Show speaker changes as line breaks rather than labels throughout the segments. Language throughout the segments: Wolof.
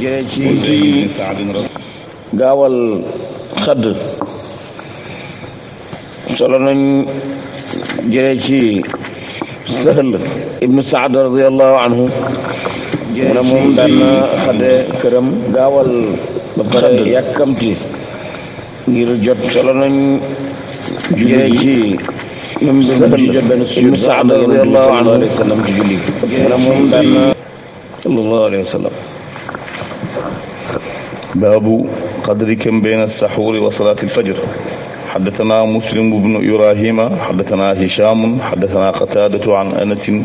jëlee ci
gaawal xadd solo nañ jëlee ci sahl ibnu saad radiallahu anhu
mu ne moom daan na xadde
këram gaawal ba pare yàkkamti ngir jot solo nañ jëlee ci ñoom sahl ibnu saad radiallahu anhu mu ne moom daan na sallallahu alayhi wa
sallam baabu qadri kam bayna saxuuri wa salaati alfajr xaddatanaa muslim bnu ibrahima xaddatanaa hichaamun xaddatanaa qataadatu an anasin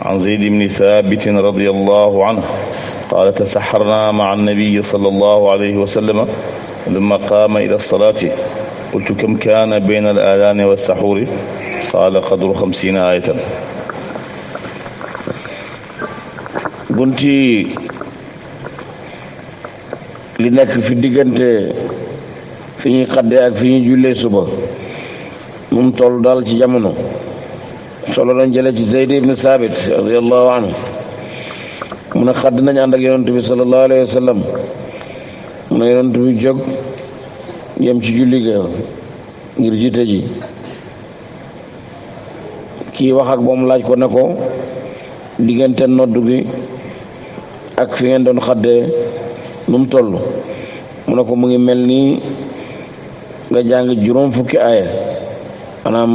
an zayd bni thaabitin radi allahu anh qaala tasaxarnaa maca annabiyi sala allahu alayhi wa sallama lamma qaama ila salaati qultu kam kaana bayna alaadaani wa saxuuri qaala qadru
xamsiina aayatan gunti li nekk fi diggante fi ñuy xadde ak fi ñuy jullee suba moom toll daal ci jamono solo lañ jële ci zeyd ibn saabit radiallahu anhu mu ne xadd nañ ànd ak yonent bi salallahu alayhi wa sallam mu ne yonent bi jóg ci julli ga ngir jiite ji kii wax ak laaj ko ne ko diggante nodd gi ak fi ngeen doon xaddee nu mu toll mu ne ko mu ngi mel ni nga jàng juróom fukki aaya maanaam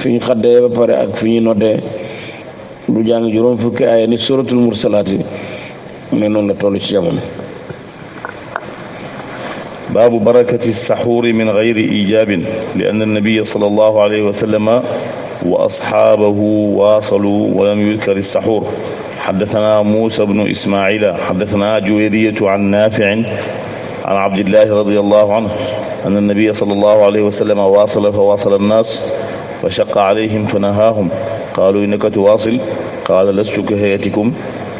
fi ñu xaddee ba pare ak fi ñu du jàng juróom fukki aaya ni suratul mursalaati mu ne noonu la toll ci jamono باب
بركة السحور من غير إيجاب لأن النبي صلى الله عليه وسلم وأصحابه واصلوا ولم يذكر السحور xaddasanaa Muusaa bnu Ismaaciila xaddasanaa Juwayriyatu an Naaficin an Abdillaahi radiyallaahu anhu anna nabiyya sallallaahu alayhi wa sallam waasala fa waasala annaas fa shaqqa alayhim fa nahaahum qaaluu innaka tuwaasil qaala lastu ka hayatikum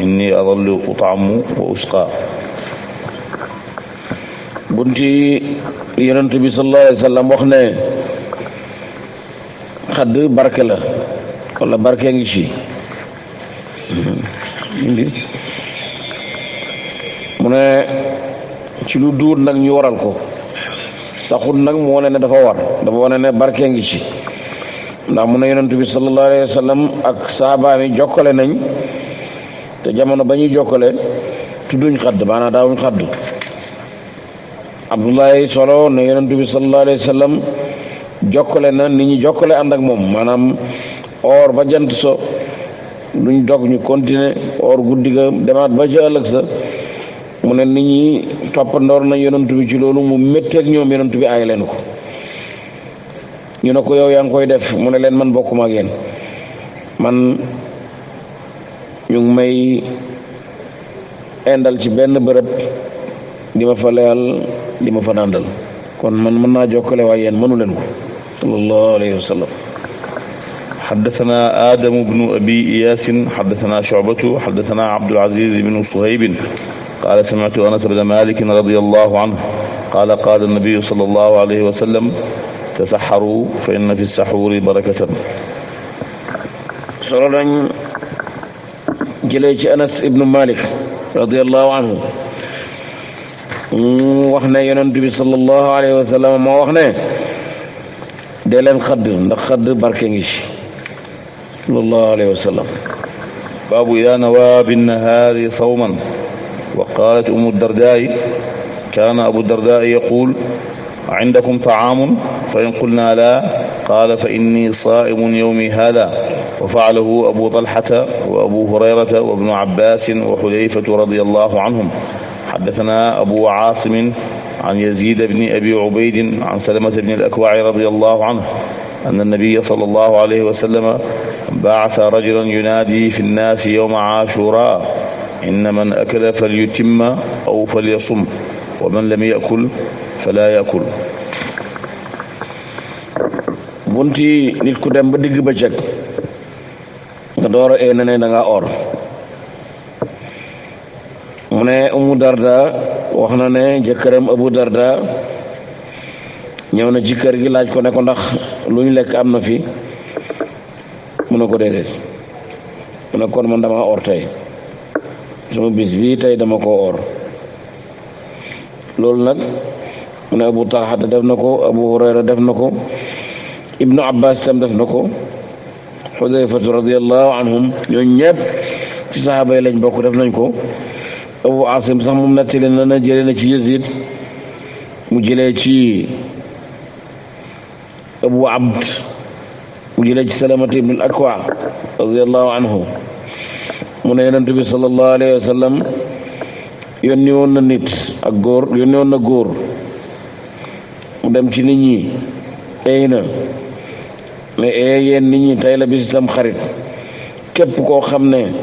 inni
adallu ut'amu wa usqaa bunti yonent bi sallallaahu alayhi wa sallam wax ne xadd barke la wala barke ngi ci indi mu ne ci lu duut nag ñu waral ko taxut nag mu wane ne dafa war dafa wane ne barke ngi ci ndax mu ne yonent bi sallallahu alayhi wa sallam ak saabaami jokkale nañ te jamono ba ñuy jokkale tudduñ xadd maanaam daawuñ xadd abdullahi solo ne yonent bi sallallahu alayhi wa sallam jokkale na nit ñi jokkale ànd ak moom maanaam or ba jant so duñ dog ñu continuer or guddi ga demaat ba ca ëllëg sa mu ne nit ñi toppandoor nañ yonent bi ci loolu mu métteeg ñoom yonent bi ay leen ko ñu ne ko yow yaa ngi koy def mu ne leen man bokk maak yéen man ñu may indal ci benn bërëb di ma fa leyal di ma fa dàndal kon man mën naa jokkale waaye yéen mënu leen ko sallallahu wa sallam
حدثنا آدم بن أبي إياس حدثنا شعبة حدثنا عبد العزيز بن صهيب قال سمعت أنس بن مالك رضي الله عنه قال قال النبي صلى الله عليه وسلم تسحروا فإن في السحور بركة
solo nañ jëlee ci Anas ibnu Malik radiyallahu anhu mu wax ne yonent bi sallallahu alayhi wa sallam moo wax ne dee leen xadd ndax xadd barke ngi ci sallallahu alayhi wa sallam baabu idaa nawaa binnahaari
sawman wa qaalat ummu dardaai kaana abu dardaai yaquul indakum taamun fa in qulnaa laa qaala fa innii saaimun yawmi haadaa wa faalahu abu talhata wa abu hurayrata wa ibnu abbaasin wa xudayfatu radiyallaahu anhum xaddasanaa abu caasimin an yaziid bni abi cubaydin an salamata bni al-akwaaci radiyallaahu anhu أن النبي صلى الله عليه وسلم بعث رجلا ينادي في الناس يوم عاشوراء إن من أكل فليتم أو فليصم ومن لم يأكل فلا
يأكل bunti nit ku dem ba digg bëccëg nga door a ee ne ne da ngaa or mu ne Umu Darda wax na ne jëkkëram Abu Darda ñëw na ci kër gi laaj ko ne ko ndax lu ñu lekk am na fi mu ne ko déedéet mu ne kon man dama or tey sama bis bii tey dama ko or loolu nag mu ne abu talxata def na ko abu hurayra def na ko ibnu abbas tam def na ko xudayfatu radiallahu anhum ñooñu ñëpp ci saxaaba bokk def nañ ko abu asim sax moom nettali na na jëlee na ci yazid mu jëlee ci abu abd mu jëlee ci salamata ibn al akwa radiallahu anhu mu ne yonent bi salallahu alayhi wa sallam woon na nit ak góor yónni woon na góor mu dem ci nit ñi eey na ne eey yéen nit ñi tey la bis tam xarit képp koo xam ne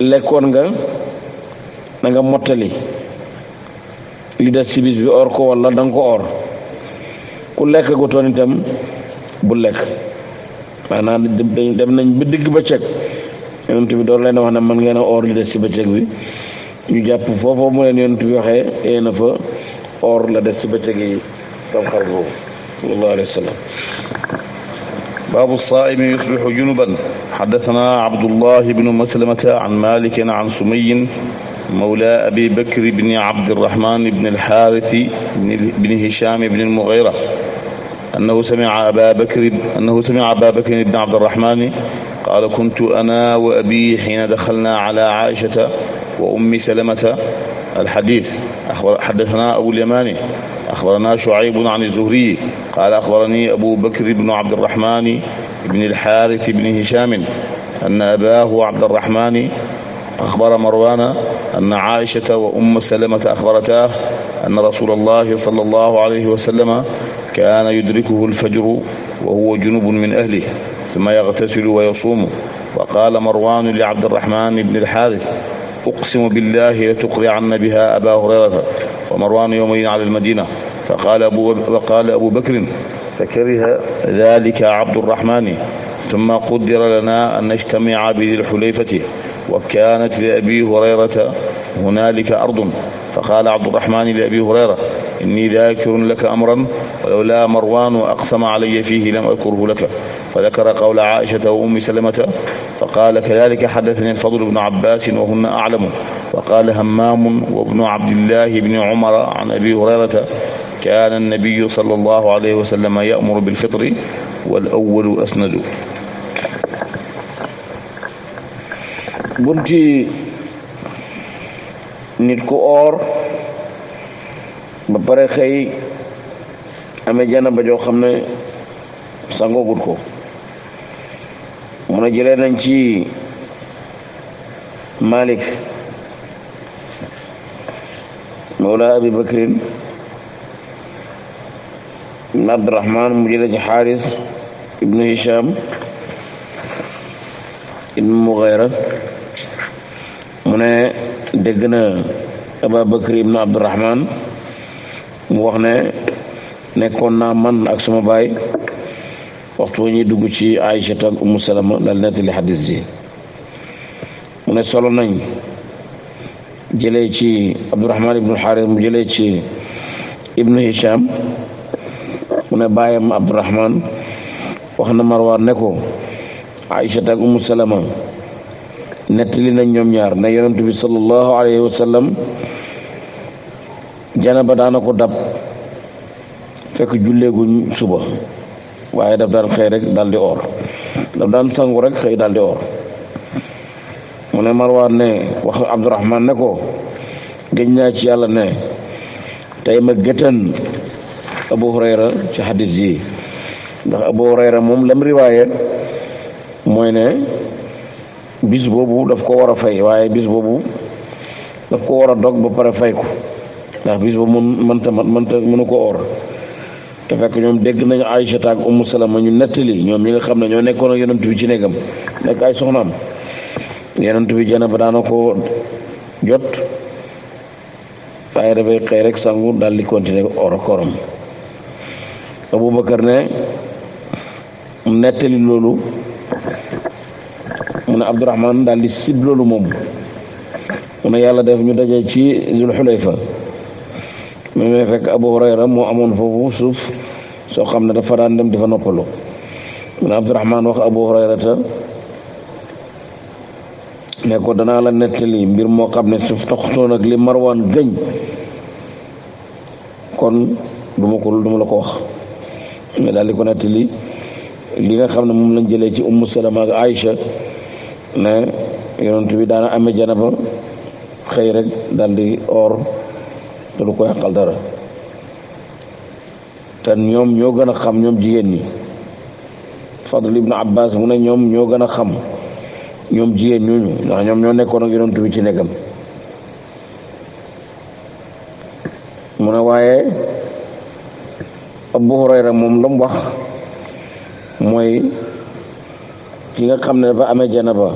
lekkoon nga danga mottali li des ci bis bi or ko walla danga ko or ku lekk gu toon itam bu lekk maanaam dem nañ ba digg bëccëg yonent bi door leen wax ne man ngeen a or li des si bëccëg bi ñu jàpp foofu mu leen yonent bi waxee yee na fa or la des si bëccëg yi tam xar boobu sallallahu alayhi wa sallam
باب الصائم يصبح جنبا حدثنا عبد الله بن مسلمة عن مالك عن سمي مولى أبي بكر بن عبد الرحمن بن الحارث بن هشام بن المغيرة أنه سمع أبا بكر أنه سمع أبا بكر بن عبد الرحمن قال كنت أنا وأبي حين دخلنا على عائشة وأم سلمة الحديث أخبر حدثنا أبو اليماني أخبرنا شعيب عن الزهري قال أخبرني أبو بكر بن عبد الرحمن بن الحارث بن هشام أن أباه عبد الرحمن أخبر مروان أن عائشة وأم سلمة أخبرتاه أن رسول الله صلى الله عليه وسلم كان يدركه الفجر وهو جنوب من أهله ثم يغتسل ويصوم وقال مروان لعبد الرحمن بن الحارث أقسم بالله لتقرعن بها أبا هريرة ومروان يومين على المدينة فقال أبو, وقال أبو بكر فكره ذلك عبد الرحمن ثم قدر لنا أن نجتمع بذي الحليفة وكانت لأبي هريرة هنالك أرض فقال عبد الرحمن لأبي هريرة إني ذاكر لك أمرا ولولا مروان أقسم علي فيه لم أذكره لك فذكر قول عائشة وأم سلمة فقال كذلك حدثني الفضل بن عباس وهن أعلم وقال همام وابن عبد الله بن عمر عن أبي هريرة كان النبي صلى الله عليه وسلم يأمر بالفطر والأول أسند
bunti nit ku oor ba pare xëy amee jana ba joo xam ne sangoogut ko mun a jëlee nañ ci malik mawla abi bakrin ibn abdurahman mu jëlee ci xaaris ibnu hisham ibnu mughayra mu ne dégg na Aba Bakr ibn Abdurahman mu wax ne nekkoon naa man ak suma baay waxtu ñuy dugg ci Aïchata ak Umu Salama lal nettali xadis ji mu ne solo nañ jëlee ci Abdurahman ibnu Xaaris mu jëlee ci ibnu Hisham mu ne baayam Abdurahman wax na Marwaan ne ko Aïchata ak Umu Salama nettali nañ ñoom ñaar na yonent bi sallallahu alayhi wa janaba daana ko dab fekk julleeguñ suba waaye daf daan xëy rek daal di or daf daan sangu rek xëy daal di or mu ne Marwaan ne wax Abdurahmaan ne ko gëj naa ci yàlla ne tey ma gëtan Abu Hurayra ci xadis yi ndax Abu Hurayra moom lam riwaaye mooy ne bis boobu daf ko war a fay waaye bis boobu daf ko war a dog ba pare fay ko ndax bis boobu mun mënta mënta mënu ko or te fekk ñoom dégg nañu Aïcha ak Umu Salama ñu nettali ñoom ñi nga xam ne ñoo nekkoon ak yonent bi ci néegam nekk ay soxnaam yonent bi jana ba daana ko jot waaye dafay xëy rek sangu daal di continuer or korom Abubakar ne nettali loolu mu ne Abdourahman daal di sib loolu moom mu ne yàlla def ñu daje ci Zul Xulayfa mu ne fekk Abu Hurayra moo amoon foofu suuf soo xam ne dafa daan dem di fa noppalu mu ne wax Abu Hurayra ta ne ko danaa la nettali mbir moo xam ne suuf toxtoon ak li Marwaan gëñ kon duma ko duma la ko wax mais daal di ko nettali li nga xam ne moom lañ jëlee ci Ummu Salama ak Aïcha ne yonent bi daana amee janaba xëy rek daal di or te du ko yàqal dara te ñoom ñoo gën a xam ñoom jigéen ñi Fadl ibn Abbas mu ne ñoom ñoo gën a xam ñoom jigéen ñooñu ndax ñoom ñoo nekkoon ak yonent bi ci nekkam mu ne waaye Abu Hurayra moom la mu wax mooy ki nga xam ne dafa amee janaba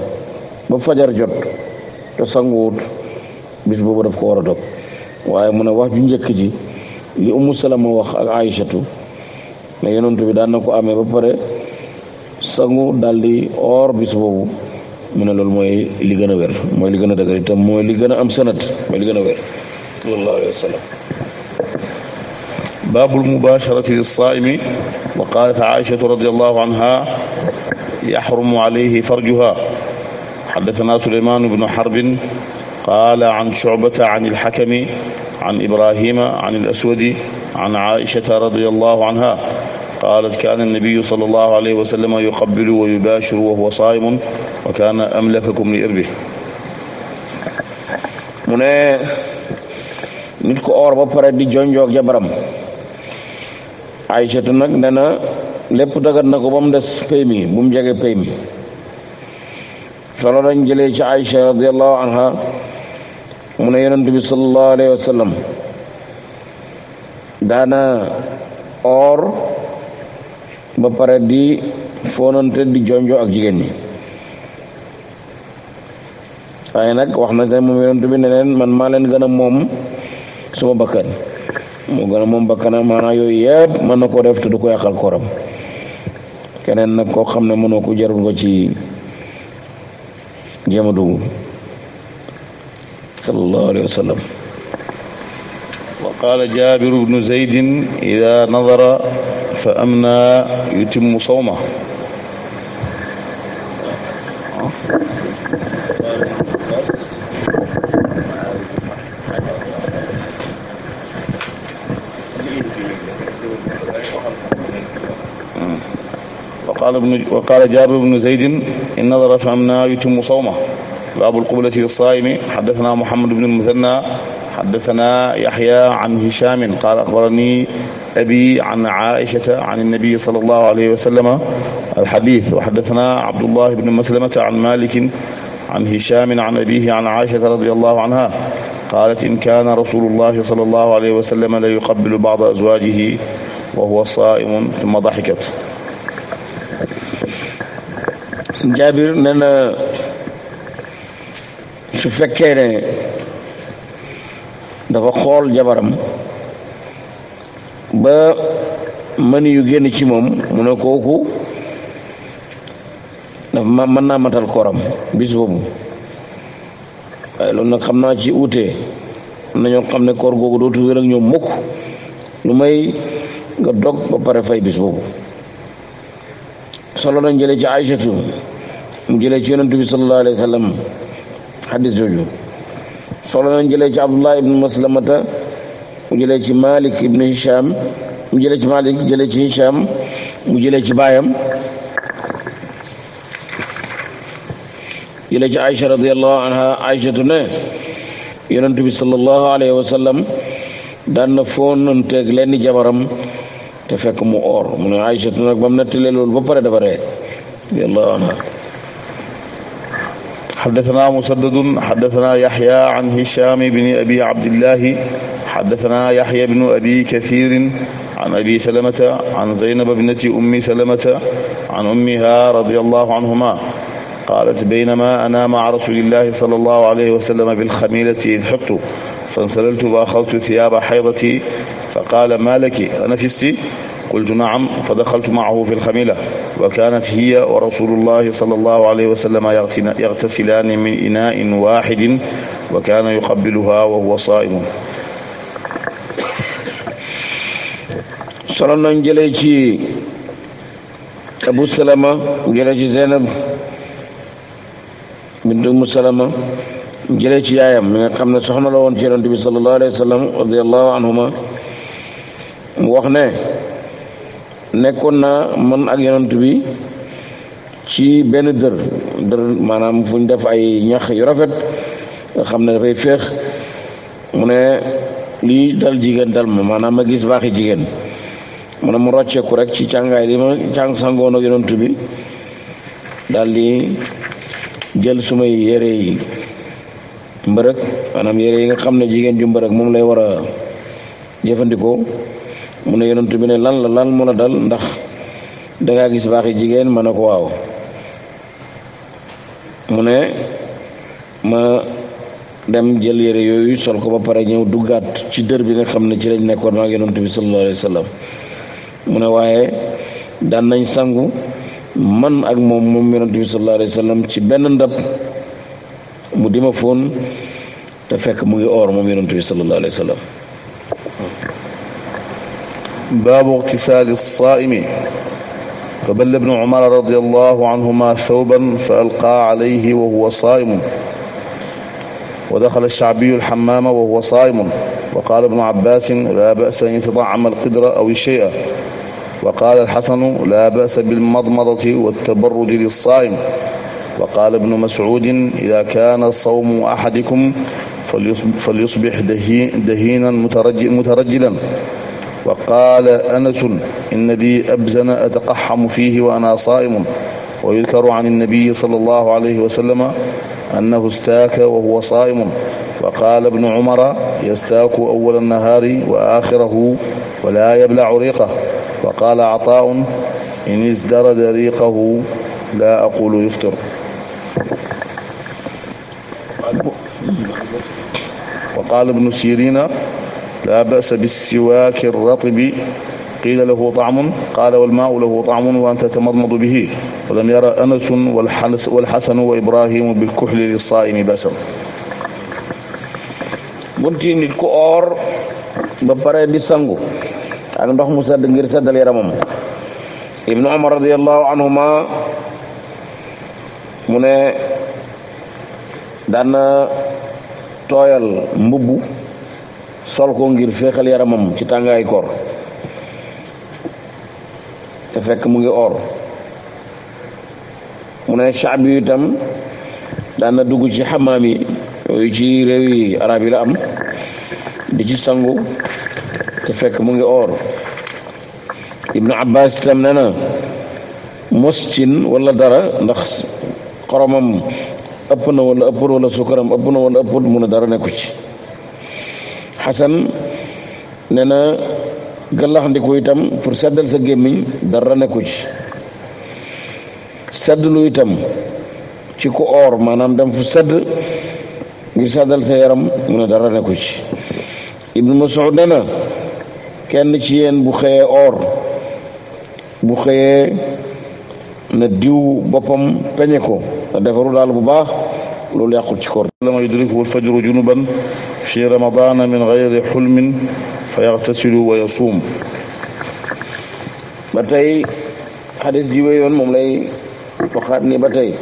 ba fajar jot te sanguwut bis boobu daf ko war a dog waaye mu ne wax ju njëkk ji li umu salama wax ak aïchatu ne yonent bi daan na ko amee ba pare sangu daldi or bis boobu mu ne loolu mooy li gën a wér mooy li gën a dëgër itam mooy li gën am sanat mooy li gën a wér sallallahu alayhi wa sallam wa qaalat aïchatu
radiyallahu يحرم عليه فرجها حدثنا سليمان بن حرب قال عن شعبة عن الحكم عن إبراهيم عن الأسود عن عائشة رضي الله عنها قالت كان النبي صلى الله عليه وسلم يقبل ويباشر وهو صائم وكان أملككم لإربه
mu ne nit ko oor ba pare di jonjoog jabaram Aysatu nag nee na lépp dagat na ko ba mu des pay mi bu mu jege pay mi solo dañ jëlee ci Aïcha radiallahu anha mu ne yonent bi salallahu alayhi wa daana or ba pare di foonante di jonjo ak jigéen ñi waaye nag wax na te moom yonent bi ne man maa leen gën a moom suma bakkan moo gën moom moom bakkanam maanaam yooyu yëpp mën na koo def te du ko yàqal kooram keneen nag koo xam ne mënoo ko jarul ko ci jéem a dugg sallallahu alayhi wa sallam wa
qaala jabiru bnu zaydin ida nadara fa amna yutimmu sawma qaala ibnu wa qaala jaabir ibnu zaydin in nadara fa amna yutimmu sawma baabu lqublati lsaayimi xaddatanaa muhammad ibnu lmusanna xaddatanaa yaxya an hishamin qaala axbarani abi an aishata an annabiyi sal allahu alayhi wa sallama alxadis wa xaddatanaa abdullah ibnu maslamata an malikin an hishamin an abihi an aishata radiyallahu anha qaalat in kaana rasulullahi sal allahu alayhi wa sallama la yuqabilu bacda azwaajihi wa huwa saa'imun summa daxikat
jaabir nee na su fekkee ne dafa xool jabaram ba mani yu génn ci moom mu ne kooku dafa mën naa matal kooram bis boobu waaye loolu nag xam naa ci uute nañoo xam ne koor googu dootu wér ak ñoom mukk lu may nga dog ba pare fay bis boobu solo nañ jëlee ci aïchatu mu jëlee ci yonent bi sallallahu solo nañ jëlee ci abdullah maslamata mu jëlee ci malik ibnu hisham mu jëlee ci malik jëlee ci hisham mu jëlee ci baayam jëlee ci aïcha radiallahu anha aïchatu ne yonent bi sallallahu alayhi wa na foonanteeg lenn jabaram te fekk mu oor mu ne Aysatu nag ba mu nettalee loolu ba pare dafa ree radiyallahu anha حدثنا
مسدد حدثنا يحيى عن هشام بن أبي عبد الله حدثنا يحيى بن أبي كثير عن أبي سلمة عن زينب ابنة أم سلمة عن أمها رضي الله عنهما قالت بينما أنا مع رسول الله صلى الله عليه وسلم بالخميلة إذ حقت fansalaltu fa axadtu thiyaaba xaydati fa qaala ma laki anafisti qultu naam fa daxaltu maahu fi lxamila wa kaanat hiya wa rasulullahi sallallahu alayhi wa sallama yagtasilaani min inaa'in waaxidin wa kaana yuqabbiluha wa huwa saa'imun
solo nañ jëlee ci Abu Salama jëlee ci Zeynab bintu Umm Salama jëlee ci yaayam mi nga xam ne soxna la woon ci yonent bi sallallahu alayhi wa sallam radiallahu anhuma mu wax ne nekkoon naa man ak yonent bi ci benn dër dër maanaam fu ñu def ay ñax yu rafet nga xam ne dafay féex mu ne lii dal jigéen dal ma maanaam ma gis baaxi jigéen mu ne mu rocceeku rek ci càngaay li ma càng sangoon ak yonent bi daal di jël sumay yére yi mbërëg maanaam yére yi nga xam ne jigéen ju mbërëg moom lay war a jëfandikoo mu ne yonent bi ne lan la lan mu la dal ndax dangaa gis baax yi jigéen ma ne ko waaw mu ne ma dem jël yére yooyu sol ko ba pare ñëw duggaat ci dër bi nga xam ne ci lañ nekkoon maag yonent bi sallallahu alayhi wa sallam mu ne waaye daan nañ sangu man ak moom moom yonent bi sallallahu wa sallam ci benn ndab mu dima fóon te fekk mu ngi oor moom yonent bi sallallahu alayhi wa sallam باب اغتسال الصائم
فبل ابن عمر رضي الله عنهما ثوبا فألقى عليه وهو صائم ودخل الشعبي الحمام وهو صائم وقال ابن عباس لا بأس أن يتطعم القدر أو الشيء وقال الحسن لا بأس بالمضمضة والتبرد للصائم wa qaala ibnu mascuudin ida kaana sawmu axadikum falyusbix dahiinan mutarajilan wa qaala anasun inna li abzana ataqaxamu fiihi wa ana saaimun wa yudkaru can annabiyi sallallahu alayhi wa sallama annahu staaka wa huwa saaimun wa qaala ibnu cumara yastaaku awwala nahaari wa aaxirahu wa laa yablacu riiqah wa qaala cataa'un in isdarada riiqahu laa aqulu yuftir wa qaala ibnu sirina laa ba'sa bis-siwaaki ar-ratbi قيل له طعم قال والماء له طعم وأنت تمضمض به ولم يرى أنس والحسن وإبراهيم بالكحل للصائم
بأسا bunti nit ku oor ba pare di sangu ak ndox mu sedd ngir seddal yaramam Ibnu Umar radiyallahu anhuma mu ne daan na tooyal mbubb sol ko ngir féexal yaramam ci tàngaay koor te fekk mu ngi or mu ne caab yu itam daan na dugg ci xamaam yi yooyu ci réew yi arab yi la am di ci sangu te fekk mu ngi or ibnu abbas itam nee na moscin walla dara ndax xoromam ëpp na wala ëppul wala sukaram ëpp na wala ëppul mu a dara nekku ci xasan nee na gàllaxndiku itam pour seddal sa gémmiñ dara nekku ci lu itam ci ku oor maanaam dem fu sedd ngir seddal sa yaram mu ne dara nekku ci ibnu Mas'ud nee kenn ci yéen bu xëyee oor bu xëyee na diw boppam peñe ko te defaru daal bu baax loolu yàqul
ci koor lama yudrikuhu alfajru junuban fi ramadana min gayri xulmin
fa yaxtasilu wa yasuum ba tey xadis ji wéyoon moom lay waxaat ni ba tey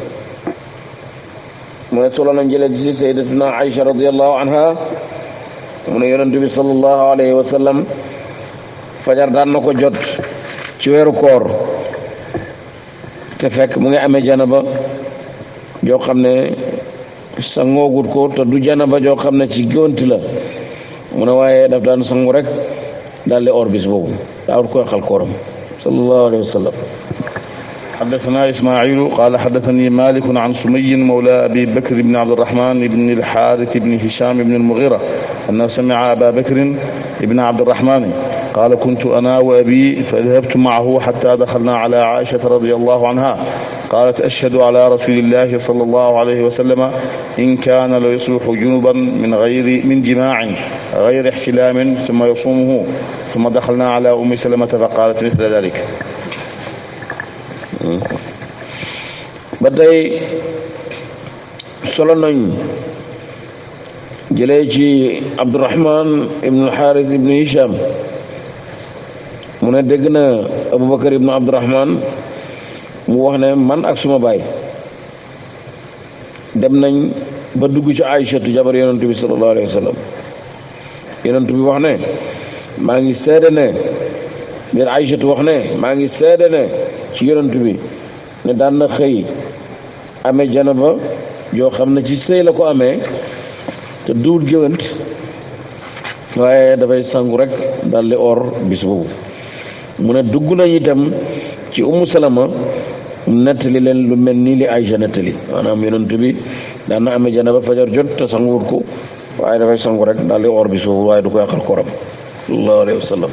mu ne solo nañ jële ci sayyidatuna Aïcha radiyallahu anha mu ne yonent bi sallallahu alayhi wa sallam fajar daan na ko jot ci weeru koor te fekk mu ngi amee janaba joo xam ne sangoogut ko te du janaba joo xam ne ci góonti la mu ne waaye daf daan sangu rek daal di or bis boobu daawut koy xal kooram sallallahu alayhi wa sallam
حدثنا إسماعيل قال حدثني مالك عن سمي مولى أبي بكر بن عبد الرحمن بن الحارث بن هشام بن المغيرة أنه سمع أبا بكر بن عبد الرحمن قال كنت أنا وأبي فذهبت معه حتى دخلنا على عائشة رضي الله عنها قالت أشهد على رسول الله صلى الله عليه وسلم إن كان ليصبح جنبا من غير من جماع غير احتلام ثم يصومه ثم دخلنا على أم سلمة فقالت مثل ذلك
ba tey solo nañ jëlee ci Abdurahman ibnu Xaaris ibnu Hisham mu ne dégg na Aboubacar ibnu Abdurahman mu wax ne man ak suma baay dem nañ ba dugg ci Aïchatu jabar yonentu bi sallallahu alayhi wa sallam yonentu bi wax ne maa ngi seede ne biir Aïchatu wax ne maa ngi seede ne ci yonentu bi ne daan na xëy amee janaba yoo xam ne ci sëy la ko amee te duwul géwant waaye dafay sangu rek daldi or bis boobu mu ne dugg nañ itam ci umu salama nettali leen lu mel nii li Aysa nettali maanaam yonent bi daan na amee janaba fajar jot te sanguwut ko waaye dafay sangu rek daal di or bi waaye du ko yàqal koram